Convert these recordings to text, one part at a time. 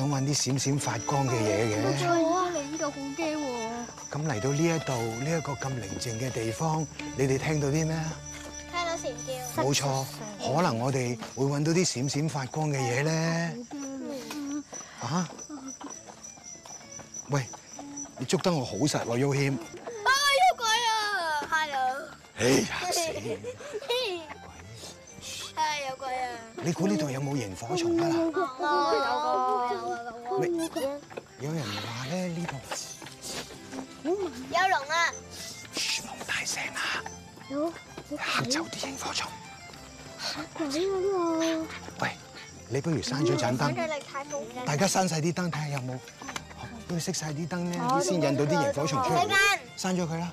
想揾啲閃閃發光嘅嘢嘅。唔好啊，你依度好驚喎。咁嚟到呢一度呢一個咁寧靜嘅地方，你哋聽到啲咩啊？聽到蟬叫。冇錯。可能我哋會揾到啲閃閃發光嘅嘢咧。好驚啊！嚇？喂，你捉得我好實喎，妖謙。啊！捉鬼啊！Hello。哎呀！死。你估呢度有冇螢火蟲㗎喇？ 有有有有人話咧呢度有龍啊。唔好大聲啊！嚇走啲螢火蟲。喂，你不如閂咗盞燈。刪大家閂晒啲燈，睇下有冇。要熄晒啲燈咧，先、啊、引到啲螢火蟲出嚟。閂咗佢啦。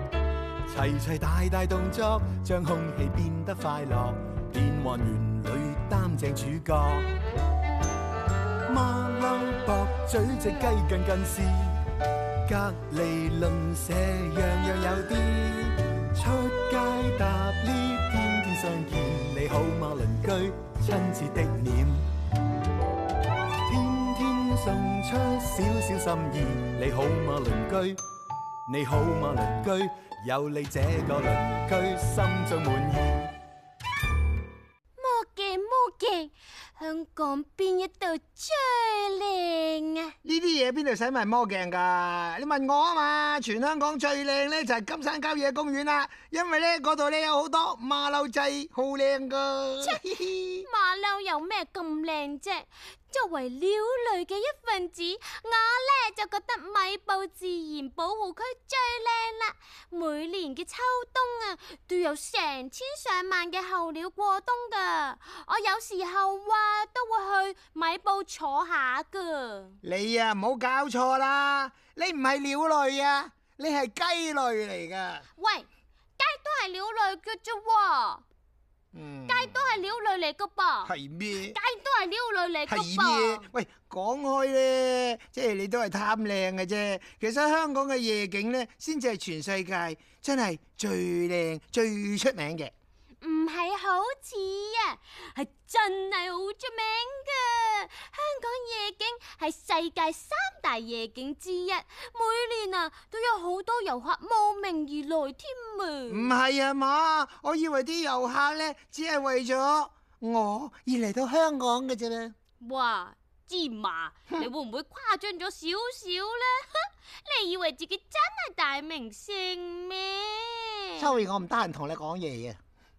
齊齊大大動作，將空氣變得快樂。電玩園裏擔正主角，馬騮博嘴隻雞近近視，隔離鄰舍樣樣有啲。出街搭 𨋢。天天相見，你好嗎鄰居？親切的臉，天天送出少少心意，你好嗎鄰居？你好嘛，鄰居，有你這個鄰居，心中滿意。魔鏡魔鏡，香港邊一度最靚啊？呢啲嘢邊度使埋魔鏡㗎？你問我啊嘛，全香港最靚咧就係金山郊野公園啦，因為咧嗰度咧有好多馬騮仔，好靚噶。切，馬騮有咩咁靚啫？作為鳥類嘅一份子，我我就覺得米埔自然保護區最靚啦，每年嘅秋冬啊，都有成千上萬嘅候鳥過冬噶。我有時候啊，都會去米埔坐下噶。你啊，唔好搞錯啦，你唔係鳥類啊，你係雞類嚟噶。喂，雞都係鳥類嘅啫。街、嗯、都係鳥類嚟噶噃，係咩？街都係鳥類嚟噶噃。喂，講開咧，即係你都係貪靚嘅啫。其實香港嘅夜景咧，先至係全世界真係最靚、最出名嘅。唔係好似啊，係真係好出名噶。香港夜景係世界三大夜景之一，每年啊都有好多遊客慕名而來添。唔係啊，嘛，我以為啲遊客咧只係為咗我而嚟到香港嘅啫。哇，芝麻， 你會唔會誇張咗少少咧？ 你以為自己真係大明星咩？秋葉，我唔得閒同你講嘢啊！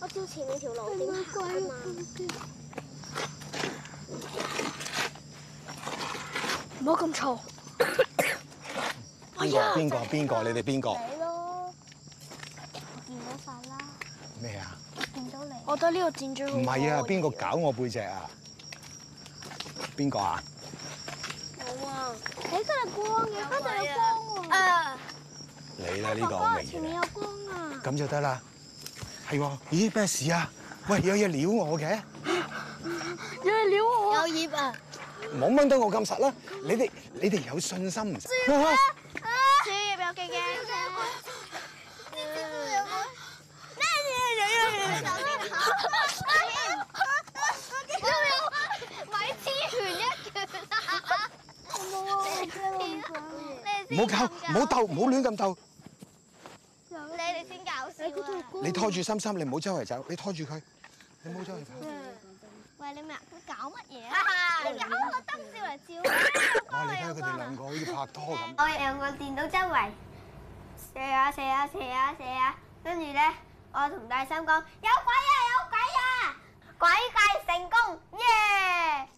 我照前面條路先啊嘛，唔好咁嘈。邊個？邊個？邊個？你哋邊個？睇咯，變咗法啦。咩啊誰？見到你。我覺得呢個變最。唔係啊，邊個搞我背脊呢啊？邊、這個啊？我啊。哎，佢係光嘅，翻到有光喎。你咧呢個前面有光啊。咁就得啦。係喎，咦，咩事啊？喂，有嘢撩我嘅，有嘢撩我，有嘢啊！唔好掹得我咁實啦，你哋你哋有信心唔？專業啊！專業有勁嘅，專業有勁。咩嘢有勁嘅？有冇？咪痴拳一拳啊！冇啊！唔好搞，唔好鬥，唔好亂咁鬥。你拖住心心，你唔好周圍走。你拖住佢，你唔好周圍走。喂，你咪，你搞乜嘢啊？你搞個燈照嚟照。哇！你睇下佢哋兩個好似拍拖咁。我用我電腦周圍射下射下射下射下，跟住咧，我同大新講：有鬼啊有鬼啊！鬼計成功，耶！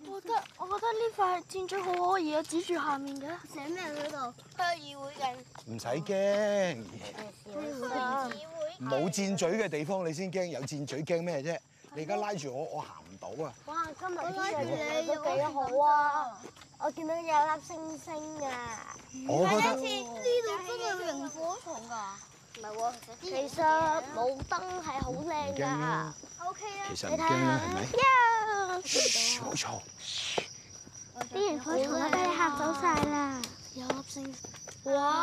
我覺得我覺得呢塊箭嘴好可以啊，指住下面嘅寫咩喺度？開議會嘅唔使驚，議會冇箭嘴嘅地方你先驚，有箭嘴驚咩啫？的你而家拉住我，我行唔到啊！哇，今日拉天氣幾好啊！我見到有粒星星啊！第一次呢度真係螢火蟲噶。其實冇燈係好靚噶，O K 啦，其實你驚啦係咪？呀！冇錯，啲螢火蟲都俾你嚇走晒啦。有粒星，哇！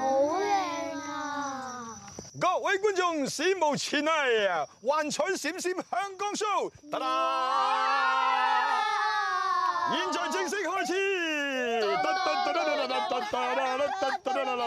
好靚啊！各位觀眾，史無前例啊！幻彩閃閃香江 show，噠啦！現在正式開始，噠噠噠噠噠噠噠噠噠。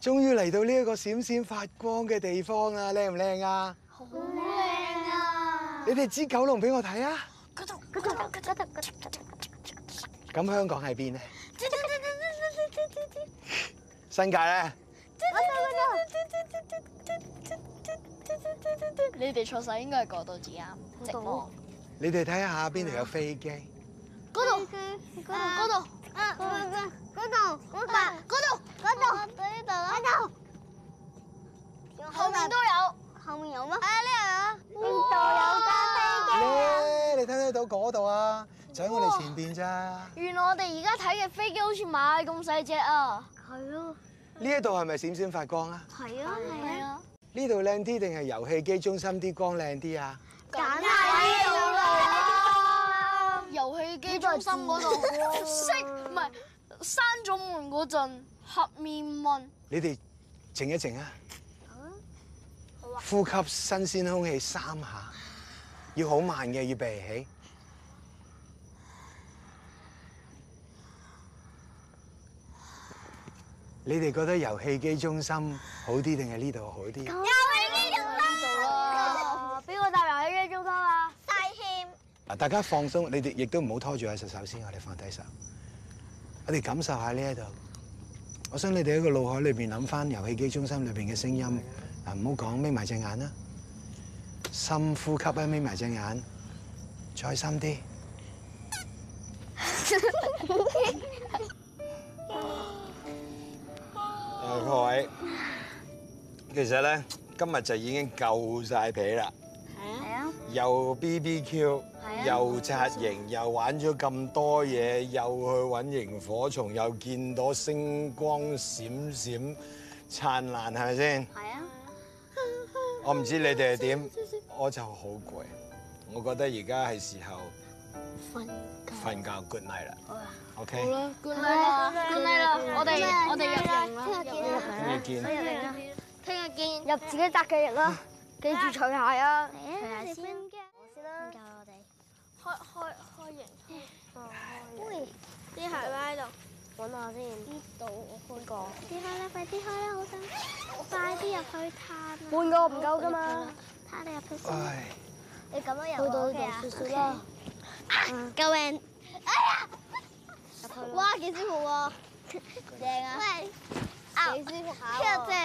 終於嚟到呢一個閃閃發光嘅地方啦，靚唔靚啊？好靚啊！你哋指九龍俾我睇啊！嗰度，嗰度，嗰度，嗰度，嗰度，嗰度。咁香港喺邊呢？新界咧？你哋錯曬，應該係過到啱，直過。你哋睇下邊度有飛機？嗰度，嗰度，嗰度。嗰度，嗰度，嗰度，嗰度，嗰度，後面都有，後面有咩？誒，呢度啊，呢度有架飛機。咧，你睇唔睇到嗰度啊？就喺我哋前邊咋。原來我哋而家睇嘅飛機好似螞蟻咁細隻啊。係啊。呢一度係咪閃閃發光啊？係啊，係啊。呢度靚啲定係遊戲機中心啲光靚啲啊？梗係呢度。中心嗰度，熄，唔係，閂咗門嗰陣，黑面問。你哋靜一靜啊！好啊。呼吸新鮮空氣三下，要好慢嘅，要避起。你哋覺得遊戲機中心好啲定係呢度好啲？啊！大家放鬆，你哋亦都唔好拖住啊。首先，我哋放低手，我哋感受下呢一度。我想你哋喺個腦海裏邊諗翻遊戲機中心裏邊嘅聲音。啊，唔好講，眯埋隻眼啦，深呼吸啊，眯埋隻眼，再深啲。阿海，其實咧，今日就已經夠晒皮啦。係啊，又 B B Q，又紮營，又玩咗咁多嘢，又去搵螢火蟲，又見到星光閃閃燦爛，係咪先？係啊，我唔知你哋係點，我就好攰，我覺得而家係時候瞓瞓覺，good night 啦，OK，好啦，good night 啦，good night 啦，我哋我哋入營啦，聽日見啦，聽日見，聽日見，入自己紮嘅營啦。記住除鞋呀，除鞋先。先啦，唔夠我哋。開開開營。喂，啲鞋咪喺度。搵下先。呢度我開過。點啊！你快啲開啦，好想。快啲入去探。半個唔夠噶嘛。探你入去。唉。你咁樣入。去到就算啦。啊！救命！哎呀！入去啦。哇，幾舒服喎。靚啊！喂。幾舒服。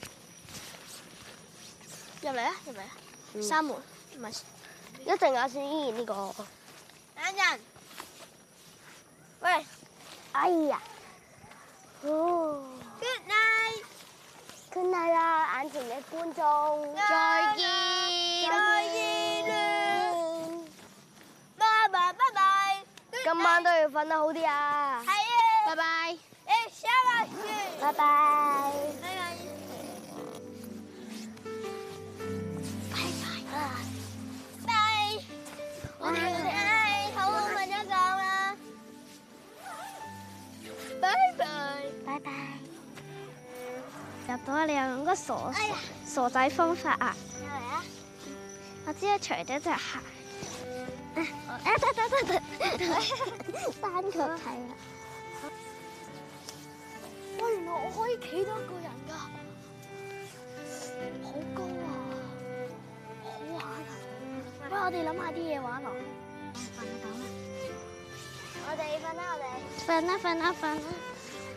入嚟啊！入嚟啊！三門唔係，一陣啊先呢個。等陣。喂，哎呀。哦。Good night。good night 啦，眼前嘅觀眾。再見，再見啦。拜拜，拜拜。今晚都要瞓得好啲啊。係啊。拜拜。誒，小老鼠。拜拜。入到啊！你用嗰個傻傻仔方法啊！來我知啦，除咗隻鞋，得得得得，單腳睇啊看！原來我可以企多一個人噶，好高啊，好玩啊！喂，我哋諗下啲嘢玩咯吧。我哋瞓啦，我哋瞓啦，瞓啦，瞓啦。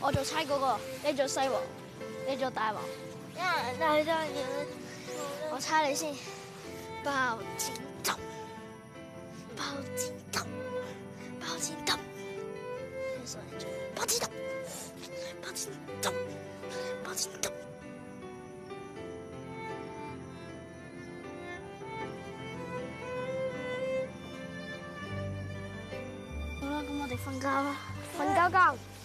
我就猜嗰個，你做西王，你做大王。我猜你先。爆筋斗，爆筋斗，爆筋斗，爆筋斗，爆筋 好啦，咁我哋瞓覺啦，瞓 Yeah. 覺覺。